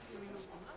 20 Minuten.